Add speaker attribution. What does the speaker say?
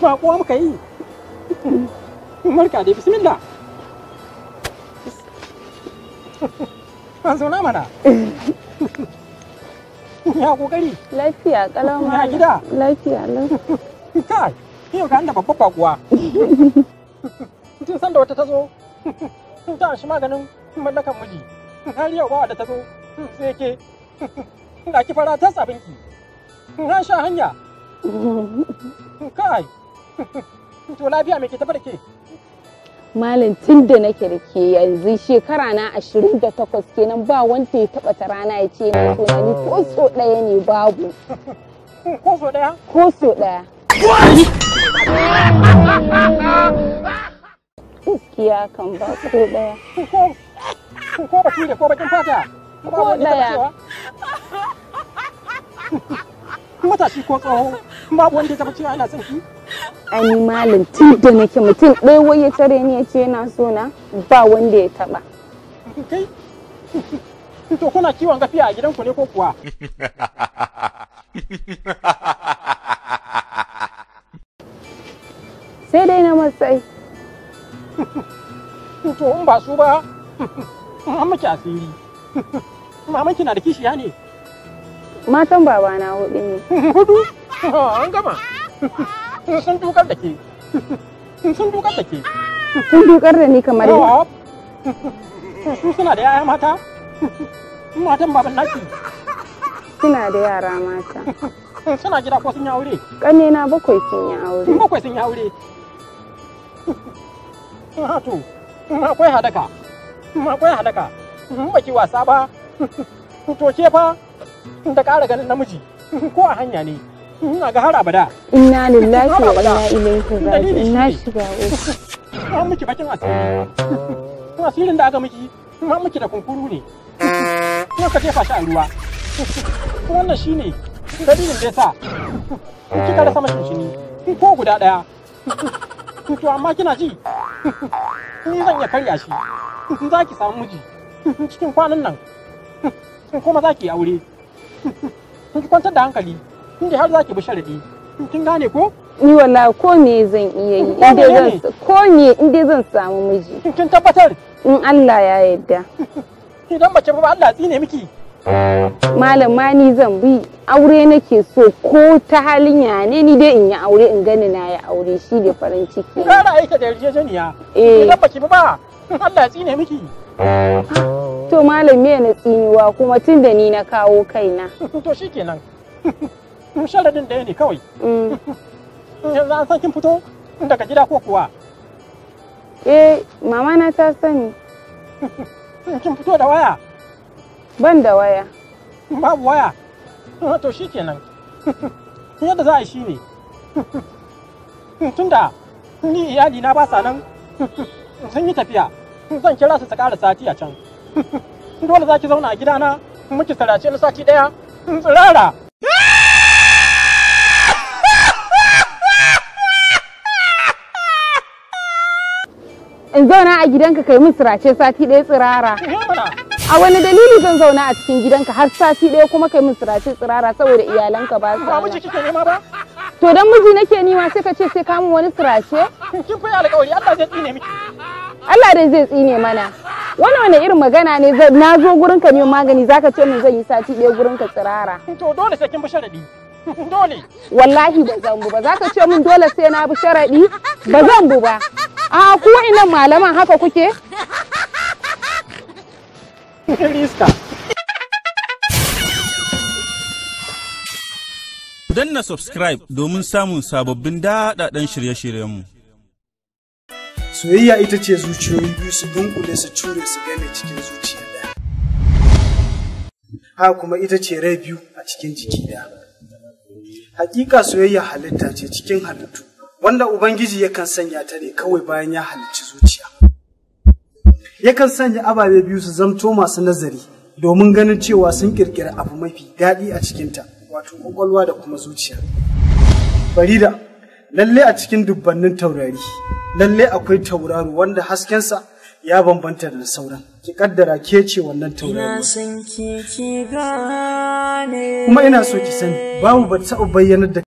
Speaker 1: ba kuwa muka yi marka dai bismillah an zauna mana
Speaker 2: ya kokari lafiya kalama ya gida
Speaker 1: lafiya lafiya kai yau ka da babba bakuwa tun san da wata ta zo ta shi maganin mallakan miji har yau ba da ta zo sai ke ga ki fara ta sabinki na sha hanya
Speaker 2: Kai,
Speaker 1: to lafiya me ke tafi da ke?
Speaker 2: Malam tun da nake da ke yanzu shekara na 28 kenan ba wanda ya taba ta rana ya ce na so ni ko so daya ne babu. Ko so daya Ko so daya Gaskiya kan ba ko daya. Ko ba da ko bakin fata? Ko daya. ɗaya. Matashi ko tsoho.
Speaker 1: babu wanda ta cewa ana son ki
Speaker 2: ai malam tun da nake mutum ɗaya wai ya tare ni ya ce yana so na ba wanda ya taɓa. kai to kuna kiwon gafiya a gidanku ne ko kuwa
Speaker 1: sai dai na matsayi to in ba su ba an miki asiri mamanki na da kishiya ne
Speaker 2: matan babana hudu ne hudu
Speaker 1: an gama sun dukar da ke sun dukar da ke
Speaker 2: sun dukar da ni kamar
Speaker 1: suna da mata suna
Speaker 2: da yara mata
Speaker 1: suna gida ko sun yi aure
Speaker 2: bakwai sun yi aure bakwai
Speaker 1: sun yi aure hadaka baki to fa da ƙara ganin namiji ko a hanya ne ina ga har abada
Speaker 2: inna lillahi wa inna ilaihi raji'un inna
Speaker 1: shiga uku an miki bakin asiri asirin da aka miki an miki da kunkuru ne kuma ka jefa shi a ruwa wannan shine dalilin da yasa kika rasa mashin shini ko guda daya to amma kina ji ni zan iya karya shi za ki samu miji cikin kwanan nan kuma za ki yi aure ki kwantar da hankali inda har zaki bi sharadi kin gane ko
Speaker 2: ni wallahi ko me zan iya yi inda zan ko me inda zan samu miji kin tabbatar in Allah ya yarda
Speaker 1: idan bace ba Allah tsine miki
Speaker 2: malam ma ni zan bi aure nake so ko ta halin ya ne ni dai in yi aure in gani na yi aure shi da farin ciki
Speaker 1: ka aika da yarjejeniya
Speaker 2: eh. idan baki
Speaker 1: ba Allah ya tsine miki
Speaker 2: to malam me na tsiniwa kuma tun da ni na kawo kaina to shikenan in din ɗaya ne kawai mm. yanzu an san kin fito daga gida ko kuwa eh mama na ta sani kin fito da waya ban da waya babu waya ah, to shikenan yadda za a
Speaker 1: shi ne tunda ni iyali na ba sa nan sun yi tafiya zan kira su ta ƙara sati a can dole za ki zauna a gidana muki sarace na sati ɗaya tsirara
Speaker 2: in zauna a gidanka kai min sirace sati ɗaya tsirara a wani dalili zan zauna a cikin gidanka har sati ɗaya kuma kai min sirace tsirara saboda iyalanka ba su ba ba to dan miji nake nima sai ka ce sai kamun wani sirace kin fa alƙawari Allah zai tsine miki Allah dai zai tsine mana wani wani irin magana ne na zo gurin ka neman magani zaka ce min zan yi sati ɗaya gurin ka tsirara
Speaker 1: to dole sai kin bi sharadi dole wallahi ba
Speaker 2: zan bu ba Za ka ce min dole sai na bi sharadi ba zan bu ba a ku ina malaman haka kuke
Speaker 1: danna subscribe domin samun sababbin daɗaɗɗen shirye-shiryenmu. Soyayya ita ce zuciyoyi biyu su dunkule su cure su mai cikin zuciya ɗaya. Ha kuma ita ce rai biyu a cikin jiki ɗaya. Hakika soyayya halitta ce cikin halittu. wanda Ubangiji yakan sanya ta ne kawai bayan ya halicci zuciya. Yakan sanya ababe biyu su zamto masu nazari domin ganin cewa sun ƙirƙiri abu mafi daɗi a cikinta, wato ƙwaƙwalwa da kuma zuciya. Farida, lalle a cikin dubbannin taurari, lalle akwai tauraro wanda haskensa ya bambanta da sauran ki kaddara ke ce wannan tauraro. kuma ina so ki sani babu ba ta bayyanar da